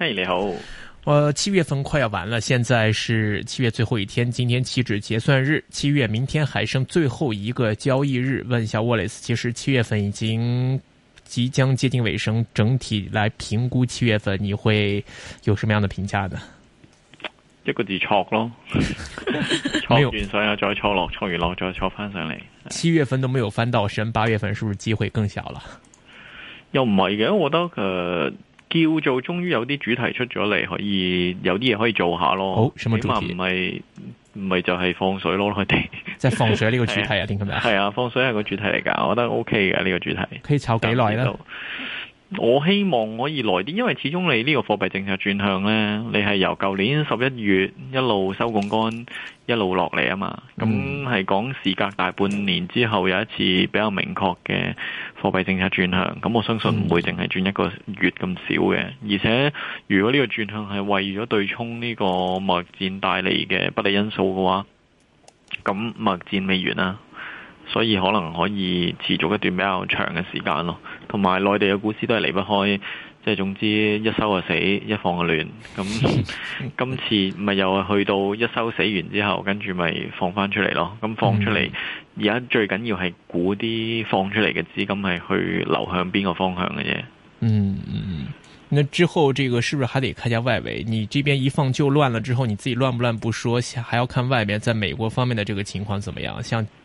嗨，hey, 你好。我、呃、七月份快要完了，現在是七月最後一天，今天期指結算日，七月明天還剩最後一個交易日。問一下 Wallace，其實七月份已經即將接近尾聲，整體來評估七月份，你會有什麼樣的評價呢？一個字挫咯，挫完上又再挫落，挫完落再挫翻上嚟。七月份都沒有翻到身，八月份是不是機會更小了？又唔係嘅，我覺得。呃叫做終於有啲主題出咗嚟，可以有啲嘢可以做下咯。好起碼唔係唔係就係放水咯，佢哋 即係放水呢個主題啊？點解？係啊，放水係個主題嚟噶，我覺得 OK 嘅呢、呢個主題。可以炒幾耐呢？度。我希望可以來啲，因為始終你呢個貨幣政策轉向呢，你係由舊年十一月一路收槓桿一路落嚟啊嘛，咁係講事隔大半年之後有一次比較明確嘅貨幣政策轉向，咁我相信唔會淨係轉一個月咁少嘅，而且如果呢個轉向係為咗對沖呢個貿易戰帶嚟嘅不利因素嘅話，咁貿易戰未完啊！所以可能可以持續一段比較長嘅時間咯，同埋內地嘅股市都係離不開，即係總之一收就死，一放就亂。咁今次咪又係去到一收死完之後，跟住咪放翻出嚟咯。咁放出嚟，而家最緊要係估啲放出嚟嘅資金係去流向邊個方向嘅啫。嗯嗯，那之後這個是不是還得看下外圍？你這邊一放就亂了，之後你自己亂不亂，不說，還要看外邊在美國方面嘅這個情況怎麼樣。像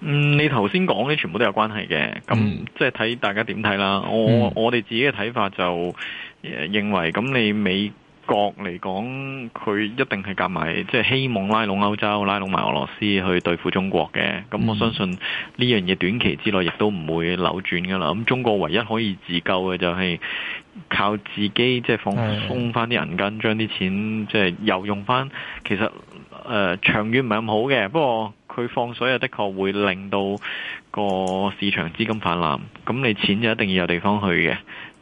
嗯，你頭先講啲全部都有關係嘅，咁、嗯、即係睇大家點睇啦。我、嗯、我哋自己嘅睇法就誒、呃、認為，咁你美國嚟講，佢一定係夾埋，即係希望拉攏歐洲，拉攏埋俄羅斯去對付中國嘅。咁我相信呢、嗯、樣嘢短期之內亦都唔會扭轉噶啦。咁中國唯一可以自救嘅就係靠自己，即係放鬆翻啲銀根，將啲錢即係又用翻。其實誒、呃、長遠唔係咁好嘅，不過。佢放水又的確會令到個市場資金泛濫，咁你錢就一定要有地方去嘅，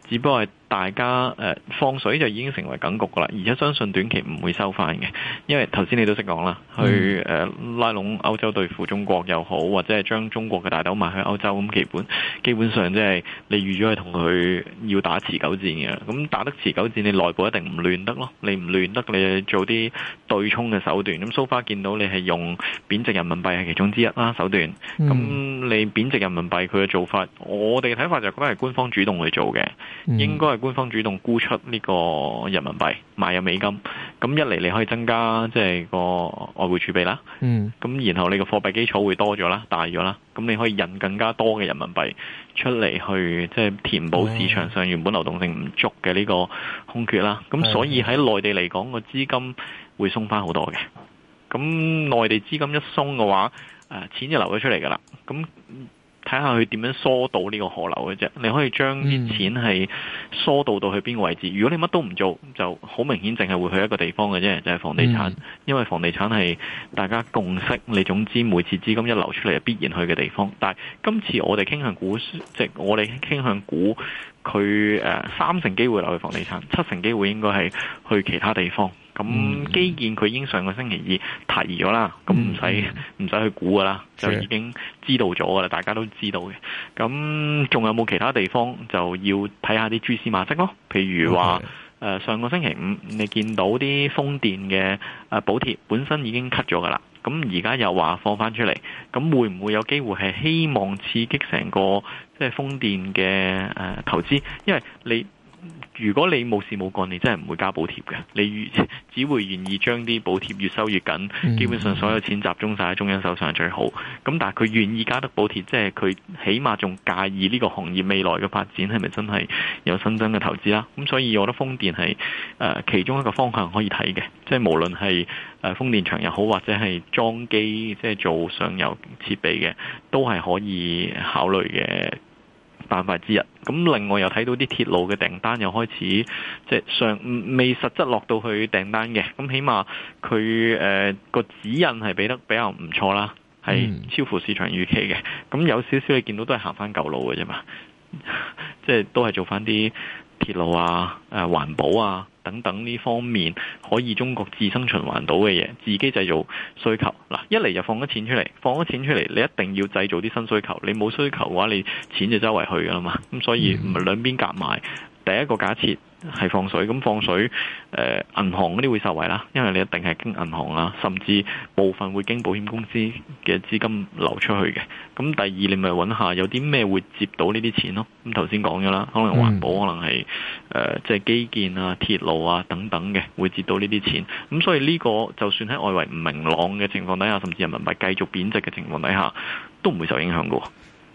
只不過係。大家誒、呃、放水就已經成為梗局嘅啦，而且相信短期唔會收返嘅，因為頭先你都識講啦，去誒、呃、拉攏歐洲對付中國又好，或者係將中國嘅大豆賣去歐洲咁，基本基本上即係你預咗係同佢要打持久戰嘅啦。咁打得持久戰你內部一定唔亂得咯，你唔亂得，你做啲對沖嘅手段。咁 so far 見到你係用貶值人民幣係其中之一啦，手段。咁你貶值人民幣佢嘅做法，我哋睇法就覺得係官方主動去做嘅，應該。官方主動沽出呢個人民幣，買入美金，咁一嚟你可以增加即係、就是、個外匯儲備啦，嗯，咁然後你個貨幣基礎會多咗啦，大咗啦，咁你可以印更加多嘅人民幣出嚟去，即、就、係、是、填補市場上原本流動性唔足嘅呢個空缺啦。咁所以喺內地嚟講，個資金會鬆返好多嘅。咁內地資金一鬆嘅話，誒錢就流咗出嚟㗎啦。咁睇下佢點樣疏導呢個河流嘅啫，你可以將啲錢係疏導到去邊個位置。如果你乜都唔做，就好明顯，淨係會去一個地方嘅啫，就係、是、房地產。因為房地產係大家共識，你總之每次資金一流出嚟，必然去嘅地方。但係今次我哋傾向估，即我哋傾向估，佢誒三成機會留去房地產，七成機會應該係去其他地方。咁基建佢已經上個星期二提咗啦，咁唔使唔使去估㗎喇，的就已經知道咗㗎喇，大家都知道嘅。咁仲有冇其他地方就要睇下啲蛛絲馬跡咯。譬如話誒的、呃，上個星期五你見到啲風電嘅誒補貼本身已經 cut 咗㗎喇，咁而家又話放返出嚟，咁會唔會有機會係希望刺激成個即係風電嘅誒、呃、投資？因為你。如果你冇事冇幹，你真係唔會加補貼嘅。你只會願意將啲補貼越收越緊，基本上所有錢集中晒喺中央手上係最好。咁但係佢願意加得補貼，即係佢起碼仲介意呢個行業未來嘅發展，係咪真係有新增嘅投資啦？咁所以我覺得風電係誒其中一個方向可以睇嘅，即係無論係誒風電場又好，或者係裝機，即係做上游設備嘅，都係可以考慮嘅。辦法之一。咁另外又睇到啲鐵路嘅訂單又開始，即係上未實質落到去訂單嘅，咁起碼佢誒個指引係俾得比較唔錯啦，係超乎市場預期嘅，咁有少少你見到都係行翻舊路嘅啫嘛，即係都係做翻啲鐵路啊，誒、啊、環保啊。等等呢方面可以中國自身循環到嘅嘢，自己製造需求嗱，一嚟就放咗錢出嚟，放咗錢出嚟，你一定要製造啲新需求，你冇需求嘅話，你錢就周圍去噶啦嘛，咁、嗯、所以唔係兩邊夾埋，第一個假設。係放水，咁放水，誒、呃，銀行嗰啲會受惠啦，因為你一定係經銀行啊，甚至部分會經保險公司嘅資金流出去嘅。咁第二，你咪揾下有啲咩會接到呢啲錢咯。咁頭先講咗啦，可能環保，可能係誒、呃，即係基建啊、鐵路啊等等嘅會接到呢啲錢。咁所以呢、這個就算喺外圍唔明朗嘅情況底下，甚至人民幣繼續貶值嘅情況底下，都唔會受影響噶。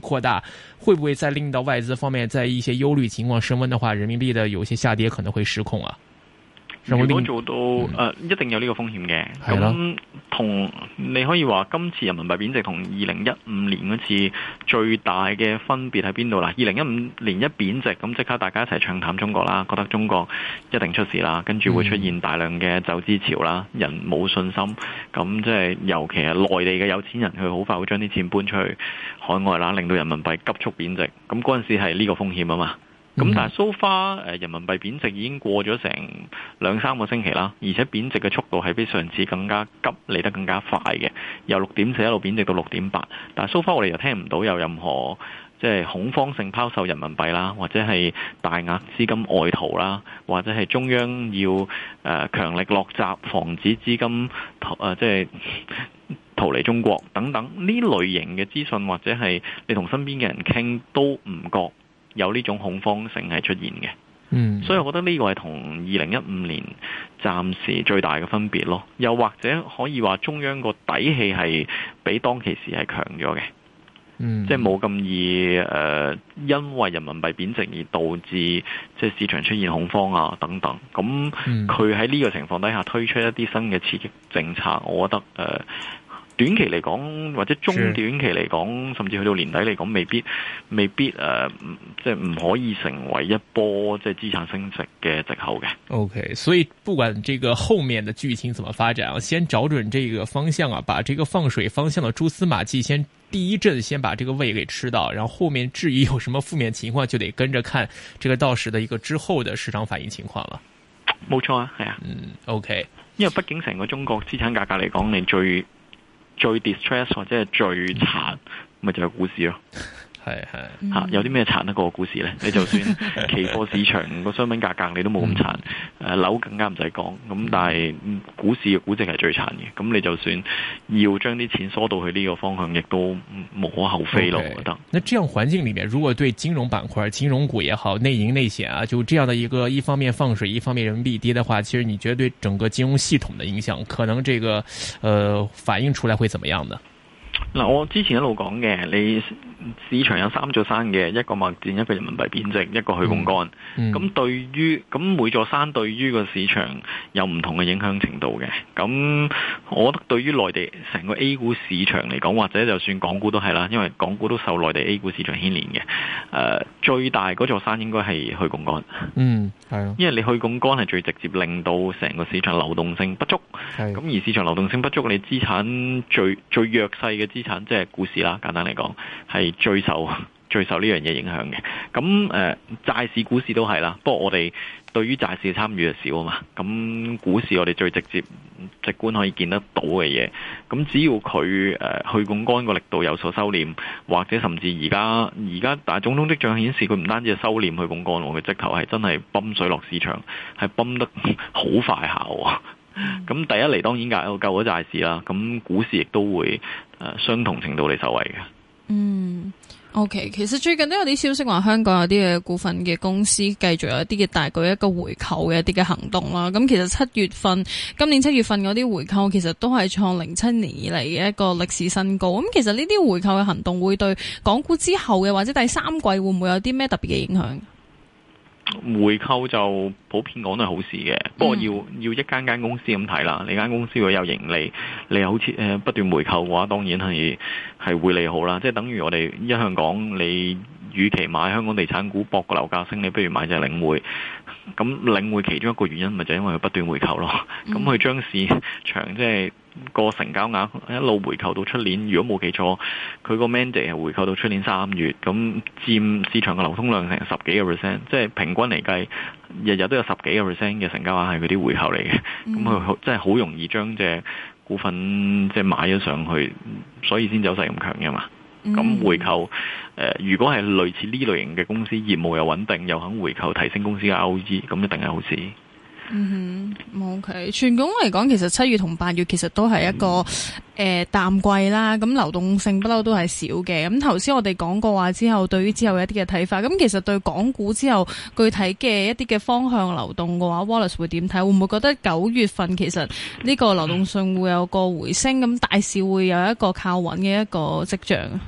擴大，會不會再令到外資方面在一些憂慮情況升温的話，人民幣的有些下跌可能會失控啊？如果、嗯、做到誒、呃，一定有呢個風險嘅。咁的同你可以話，今次人民幣貶值同二零一五年嗰次最大嘅分別喺邊度啦？二零一五年一貶值，咁即刻大家一齊唱淡中國啦，覺得中國一定出事啦，跟住會出現大量嘅走資潮啦，嗯、人冇信心，咁即係尤其係內地嘅有錢人，佢好快會將啲錢搬出去海外啦，令到人民幣急速貶值。咁嗰陣時係呢個風險啊嘛。咁、嗯、但係 so far 誒，人民幣貶值已經過咗成兩三個星期啦，而且貶值嘅速度係比上次更加急，嚟得更加快嘅，由六點四一路貶值到六點八。但係 so far 我哋又聽唔到有任何即係、就是、恐慌性拋售人民幣啦，或者係大額資金外逃啦，或者係中央要誒、呃、強力落閘防止資金誒即係逃離中國等等呢類型嘅資訊，或者係你同身邊嘅人傾都唔覺。有呢種恐慌性係出現嘅，嗯，所以我覺得呢個係同二零一五年暫時最大嘅分別咯。又或者可以話中央個底氣係比當其時係強咗嘅，嗯，即係冇咁易誒，呃，因為人民幣貶值而導致即係市場出現恐慌啊等等。咁佢喺呢個情況底下推出一啲新嘅刺激政策，我覺得誒。呃短期嚟講或者中短期嚟講，是甚至去到年底嚟講，未必未必誒、呃，即係唔可以成為一波即係資產升值嘅借口嘅。OK，所以不管這個後面的劇情怎麼發展啊，我先找準這個方向啊，把這個放水方向的蛛絲馬跡，先第一陣先把這個胃給吃到，然後後面至於有什麼負面情況，就得跟着看這個到時的一個之後的市場反應情況啦。冇錯啊，係啊，嗯，OK，因為畢竟成個中國資產價格嚟講，你最。最 distress 或者係最慘，咪就係股市咯。係係吓，有啲咩殘得過股市呢？你就算期貨市場個商品價格 o, 呃，你都冇咁殘。誒，樓更加唔使講。咁但係股市嘅估值係最殘嘅。咁你就算要將啲錢梳到去呢個方向，亦都無可厚非咯。Okay, 我覺得。那這樣環境裏面，如果對金融板塊、金融股也好，內內銀內險啊，就這樣的一個一方面放水，一方面人民幣跌的話，其實你覺得對整個金融系統的影響，可能這個，誒、呃，反映出來會怎麼樣呢？嗱、嗯，我之前一路講嘅，你、啊。啊啊市場有三座山嘅，一個貿戰，一個人民幣貶值，一個去槓桿。咁、嗯、對於咁每座山對於個市場有唔同嘅影響程度嘅。咁我覺得對於內地成個 A 股市場嚟講，或者就算港股都係啦，因為港股都受內地 A 股市場牽連嘅。誒、呃，最大嗰座山應該係去槓桿。嗯，係。因為你去槓桿係最直接令到成個市場流動性不足。咁的而市場流動性不足，你資產最最弱勢嘅資產即係股市啦，簡單嚟講係。最受最受呢樣嘢影響嘅，咁誒債市、股市都係啦。不過我哋對於債市嘅參與就少啊嘛。咁股市我哋最直接、直觀可以見得到嘅嘢，咁只要佢誒、呃、去槓桿個力度有所收斂，或者甚至而家而家，但係種種跡象顯示，佢唔單止係收斂去槓桿，佢直頭係真係泵水落市場，係泵得好 快下、啊。咁第一嚟當然救咗債市啦，咁股市亦都會誒、呃、相同程度嚟受惠嘅。嗯，OK，其實最近都有啲消息話香港有啲嘅股份嘅公司繼續有一啲嘅大舉一個回購嘅一啲嘅行動啦。咁、嗯、其實七月份，今年七月份嗰啲回購其實都係創零七年以嚟嘅一個歷史新高。咁、嗯、其實呢啲回購嘅行動會對港股之後嘅，或者第三季會唔會有啲咩特別嘅影響？回購就普遍講都係好事嘅，嗯、不過要要一間間公司咁睇啦。你間公司如果有盈利，你好似誒不斷回購嘅話，當然係係會利好啦。即係等於我哋一向講，你與其買香港地產股博個樓價升，你不如買隻領匯。咁領會其中一個原因，咪就係、因為佢不斷回購咯。咁佢、嗯、將市場即係個成交額一路回購到出年，如果冇記錯，佢個 mandate 係回購到出年三月，咁佔市場嘅流通量成十幾個 percent，即係平均嚟計，日日都有十幾個 percent 嘅成交額係嗰啲回購嚟嘅。咁佢好即係好容易將隻股份即係、就是、買咗上去，所以先走勢咁強嘅嘛。咁、嗯、回購，誒、呃，如果係類似呢類型嘅公司，業務又穩定，又肯回購提升公司嘅 R O E，咁一定係好事。嗯哼，OK，全港嚟講，其實七月同八月其實都係一個誒、呃、淡季啦。咁流動性不嬲都係少嘅。咁頭先我哋講過話之後，對於之後一啲嘅睇法，咁其實對港股之後具體嘅一啲嘅方向流動嘅話，Wallace 會點睇？會唔會覺得九月份其實呢個流動性會有個回升？咁大市會有一個靠穩嘅一個跡象啊？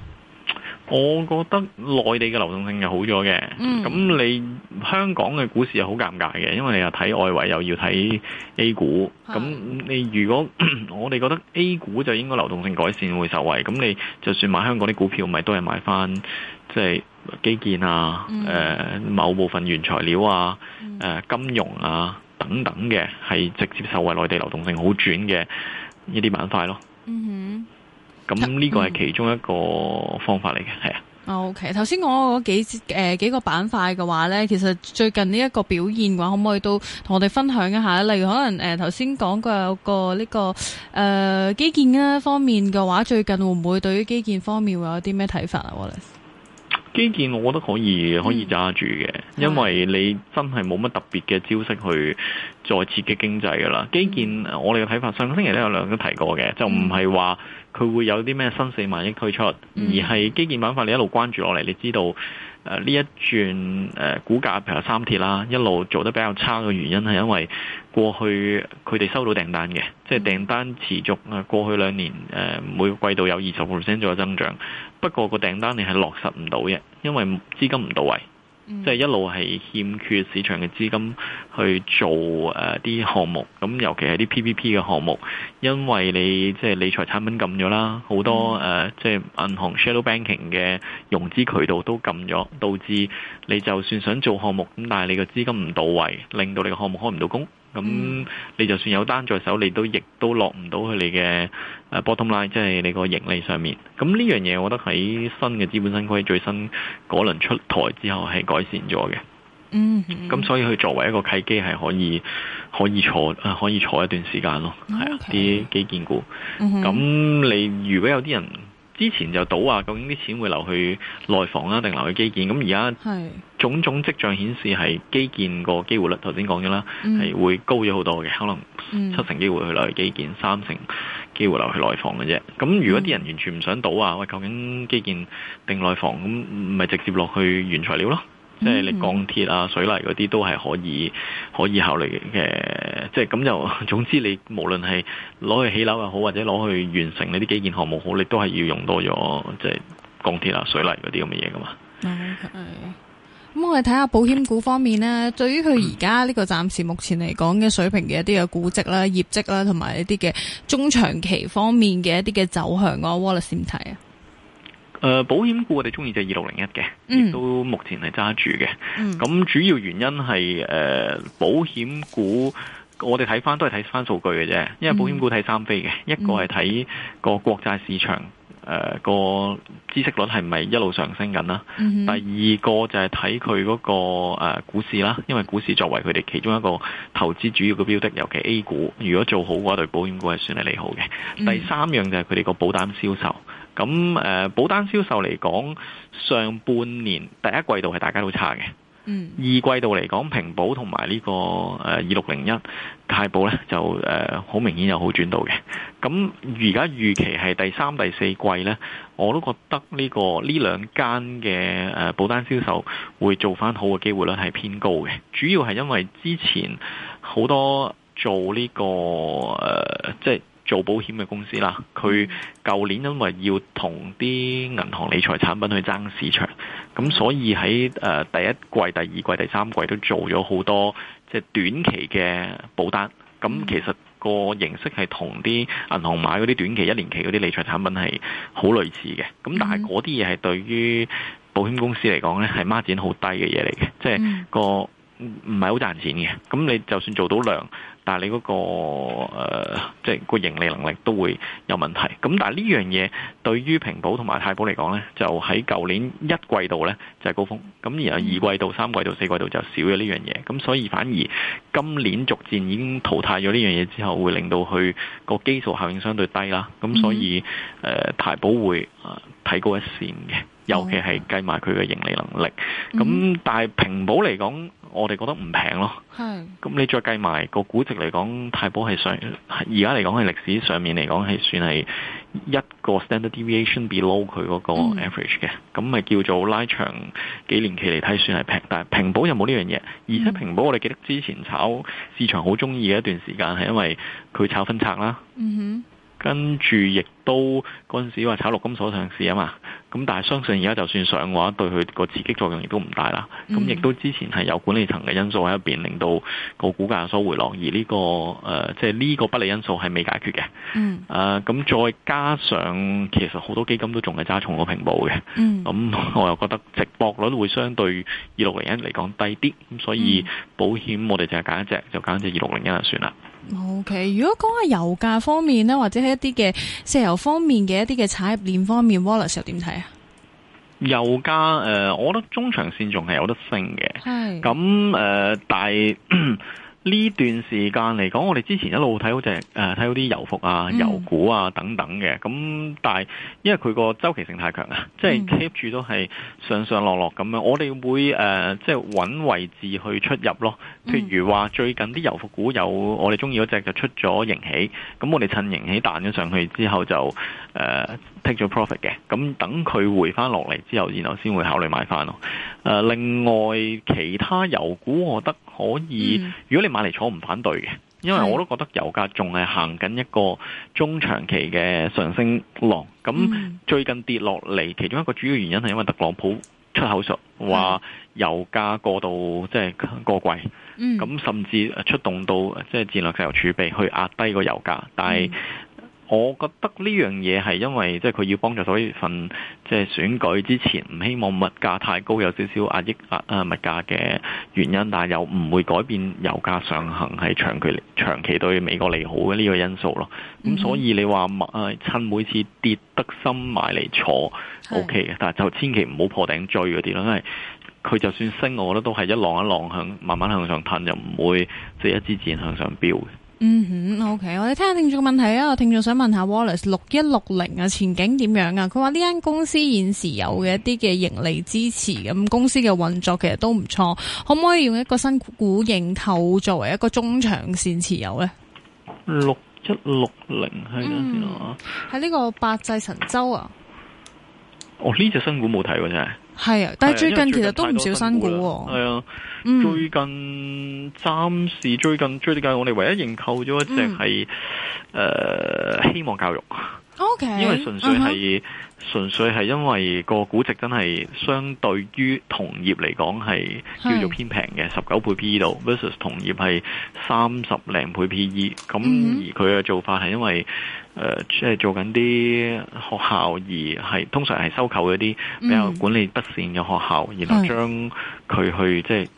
我覺得內地嘅流動性就好咗嘅，咁你香港嘅股市又好尷尬嘅，因為你又睇外圍又要睇 A 股，咁你如果我哋覺得 A 股就應該流動性改善會受惠，咁你就算買香港啲股票，咪都係買翻即係基建啊、誒某部分原材料啊、誒金融啊等等嘅，係直接受惠內地流動性好轉嘅呢啲板塊咯。嗯哼。咁呢個係其中一個方法嚟嘅，係啊。哦，OK。頭先講嗰幾誒幾個板塊嘅話咧，其實最近呢一個表現嘅話，可唔可以都同我哋分享一下？例如可能誒頭先講過有個呢、呢個誒、呃、基建啊方面嘅話，最近會唔會對於基建方面會有啲咩睇法啊？我基建我覺得可以可以揸住嘅，因為你真係冇乜特別嘅招式去再刺激經濟嘅啦。基建我哋嘅睇法，上個星期都有兩個都提過嘅，就唔係話佢會有啲咩新四萬億推出，而係基建板塊你一路關注落嚟，你知道。誒呢一轉誒股價，譬如三鐵啦，一路做得比較差嘅原因係因為過去佢哋收到訂單嘅，即係訂單持續啊。過去兩年誒每個季度有二十個 percent 左右增長，不過個訂單你係落實唔到嘅，因為資金唔到位。即係一路係欠缺市場嘅資金去做誒啲項目，咁尤其係啲 PPP 嘅項目，因為你即係、就是、理財產品禁咗啦，好多誒即係銀行 shadow banking 嘅融資渠道都禁咗，導致你就算想做項目，咁但係你個資金唔到位，令到你個項目開唔到工。咁、mm hmm. 你就算有單在手，你都亦都落唔到佢你嘅誒 bottom line，即係你個盈利上面。咁呢樣嘢，我覺得喺新嘅資本新規最新嗰輪出台之後係改善咗嘅。嗯、mm，咁、hmm. 所以佢作為一個契機，係可以可以坐啊，可以坐一段時間咯。係啊、okay. mm，啲、hmm. 基建股。咁你如果有啲人。之前就賭話，究竟啲錢會留去內房呀，定留去基建？咁而家種種跡象顯示係基建個機會率，頭先講咗啦，係、嗯、會高咗好多嘅，可能七成機會去留去基建，三成機會留去內房嘅啫。咁如果啲人完全唔想賭啊，喂，究竟基建定內房？咁咪直接落去原材料咯。即係你鋼鐵啊、水泥嗰啲都係可以可以考慮嘅，呃，即係咁就總之你無論係攞去起樓又好，或者攞去完成呢啲基建項目好，你都係要用多咗即係鋼鐵啊、水泥嗰啲咁嘅嘢噶嘛。咁，okay. 我哋睇下保險股方面呢，嗯，對於佢而家呢個暫時目前嚟講嘅水平嘅一啲嘅估值啦，業績啦，同埋一啲嘅中長期方面嘅一啲嘅走向，阿 Wallace 點睇啊？誒，保險股我哋中意就二六零一嘅，亦都目前係揸住嘅。咁主要原因係誒，保險股我哋睇翻都係睇翻數據嘅啫。因為保險股睇三飛嘅，一個係睇個國債市場誒個孳息率係唔係一路上升緊啦。第二個就係睇佢嗰個誒股市啦，因為股市作為佢哋其中一個投資主要嘅標的，尤其 A 股如果做好嘅話，對保險股係算係利好嘅。第三樣就係佢哋個保單銷售。咁誒保單銷售嚟講，上半年第一季度係大家都差嘅。嗯，二季度嚟講，平保同埋呢個誒二六零一太保咧，就誒好明顯有好轉到嘅。咁而家預期係第三、第四季咧，我都覺得呢個呢兩間嘅誒保單銷售會做翻好嘅機會率係偏高嘅。主要係因為之前好多做呢個誒、呃，即係。做保險嘅公司啦，佢舊年因為要同啲銀行理財產品去爭市場，咁所以喺誒第一季、第二季、第三季都做咗好多即係短期嘅保單。咁其實個形式係同啲銀行買嗰啲短期一年期嗰啲理財產品係好類似嘅。咁但係嗰啲嘢係對於保險公司嚟講呢係孖展好低嘅嘢嚟嘅，即係個。唔係好賺錢嘅，咁你就算做到量，但係你嗰、那個即係、呃就是、個盈利能力都會有問題。咁但係呢樣嘢對於平保同埋太保嚟講呢，就喺舊年一季度呢就係、是、高峰，咁然後二季度、三季度、四季度就少咗呢樣嘢，咁所以反而今年逐漸已經淘汰咗呢樣嘢之後，會令到佢個基數效應相對低啦。咁所以誒，太、呃、保會啊睇、呃、高一線嘅。尤其係計埋佢嘅盈利能力，咁、嗯、哼但係平保嚟講，我哋覺得唔平咯。係的，咁你再計埋、個估值嚟講，太保係上，而家嚟講係歷史上面嚟講係算係一個 standard deviation below 佢嗰個 average 嘅，咁咪、嗯、哼叫做拉長幾年期嚟睇，算係平。但係平保又冇呢樣嘢，而且平保我哋記得之前炒市場好中意嘅一段時間，係因為佢炒分拆啦。嗯哼。跟住亦都嗰陣時話炒六金所上市啊嘛，咁但係相信而家就算上嘅話，對佢個刺激作用亦都唔大啦。咁亦、嗯、都之前係有管理層嘅因素喺入邊，令到個股價有所回落。而呢、這個誒、呃，即係呢個不利因素係未解決嘅。嗯。誒、呃，咁再加上其實好多基金都仲係揸重個平保嘅。嗯。咁、嗯、 我又覺得值博率會相對二六零一嚟講低啲，咁所以保險我哋淨係揀一隻，就揀一隻二六零一就算啦。OK，如果講下油價方面咧，或者係一啲嘅石油方面嘅一啲嘅產業鏈方面，Wallace 又點睇啊？油價誒、呃，我覺得中長線仲係有得升嘅。係咁誒，但係。 呢段時間嚟講，我哋之前一路睇好隻誒睇好啲油服啊、嗯、油股啊等等嘅，咁但係因為佢個周期性太強啊，即係 keep 住都係上上落落咁樣，我哋會誒、呃、即係揾位置去出入咯。譬如話最近啲油服股有我哋中意嗰隻就出咗盈喜，咁我哋趁盈喜彈咗上去之後就。誒、uh,，take 咗 profit 嘅，咁等佢回翻落嚟之後，然後先會考慮買返咯。誒、uh,，另外其他油股，我覺得可以，嗯、如果你買嚟坐唔反對嘅，因為我都覺得油價仲係行緊一個中長期嘅上升浪。咁最近跌落嚟，嗯、其中一個主要原因係因為特朗普出口術話油價過度即係過貴，咁、嗯、甚至出動到即係、就是、戰略石油儲備去壓低個油價，但係。嗯我覺得呢樣嘢係因為即係佢要幫助十一月份即係選舉之前，唔希望物價太高，有少少壓抑壓物價嘅原因，但係又唔會改變油價上行係長期長期對美國利好嘅呢個因素咯。咁、mm hmm. 所以你話買趁每次跌得深埋嚟坐 OK 嘅、mm，hmm. 但係就千祈唔好破頂追嗰啲咯，因為佢就算升我覺得都係一浪一浪向慢慢向上褪，又唔會即係一支箭向上飆嘅。嗯哼，OK，我哋聽下聽眾嘅問題啊！聽眾想問下 Wallace 六一六零啊，前景點樣啊？佢話呢間公司現時有嘅一啲嘅盈利支持，咁公司嘅運作其實都唔錯，可唔可以用一個新股認購作為一個中長線持有呢？六一六零係啊，呢、嗯、個百濟神州啊？哦，呢、這、隻、個、新股冇睇過真係。係啊，但係、啊、最近其實都唔少新股。係啊、嗯，最近暫時最近最近我哋唯一認購咗一隻係誒希望教育。O、okay, K，、uh huh. 因為純粹係純、uh huh. 粹係因為個估值真係相對於同業嚟講係叫做偏平嘅十九倍 PE 度 versus 同業係三十零倍 P E，咁而佢嘅做法係因為誒即係做緊啲學校而係通常係收購一啲比較管理不善嘅學校，uh huh. 然後將佢去、uh huh. 即係是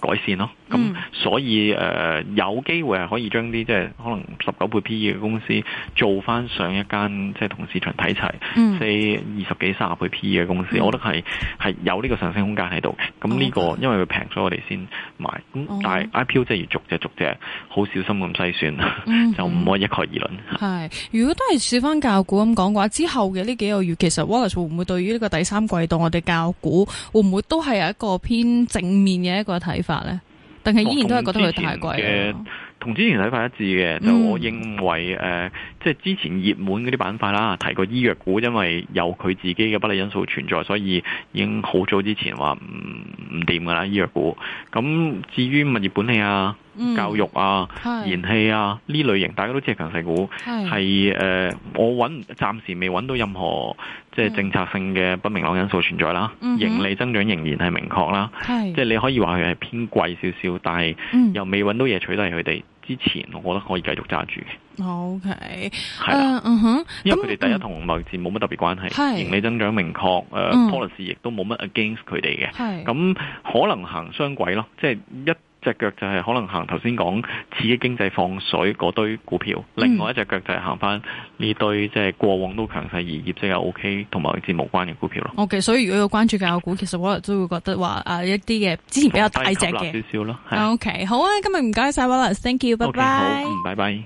改善咯。咁、嗯、所以誒、呃、有機會係可以將啲即係可能十九倍 P E 嘅公司做翻上一間即係同市場睇齊，即係二十幾、三十倍 P E 嘅公司，嗯、我覺得係係有呢個上升空間喺度。咁呢、嗯這個因為佢平咗，所以我哋先買。咁、嗯、但係 I P O 即係要逐隻逐隻，好小心咁篩選，嗯嗯 就唔可以一概而論。係、嗯嗯、 如果都係試翻教股咁講嘅話，之後嘅呢幾個月，其實 Wallace 會唔會對於呢個第三季度我哋教股會唔會都係有一個偏正面嘅一個睇法呢？但係依然都係覺得佢太貴誒，同之前睇法一致嘅，就、嗯、我認為誒。呃即係之前熱門嗰啲板塊啦，提過醫藥股，因為有佢自己嘅不利因素存在，所以已經好早之前話唔唔掂㗎喇，醫藥股。咁至於物業、本氣啊、嗯、教育啊、是燃氣啊呢類型，大家都知係強勢股，係誒是、呃，我揾暫時未揾到任何即係政策性嘅不明朗因素存在啦。嗯、盈利增長仍然係明確啦，嗯、是即係你可以話佢係偏貴少少，但係又未揾到嘢取代佢哋之前，我覺得可以繼續揸住。OK，係、uh, 啦、uh，嗯哼，因為佢哋第一同貿、嗯、易戰冇乜特別關係，是盈利增長明確，誒 policy 亦都冇乜 against 佢哋嘅，咁、uh, 是可能行雙軌咯，即、就、係、是、一隻腳就係可能行頭先講刺激經濟放水嗰堆股票，嗯、另外一隻腳就係行翻呢堆即係過往都強勢而業績又 OK 同貿易戰無關嘅股票咯。OK，所以如果要關注嘅股，其實我亦都會覺得話誒一啲嘅之前比較大隻嘅，少少咯。OK，好啊，今日唔該晒 Wallace，thank you，拜拜。好，嗯，拜拜。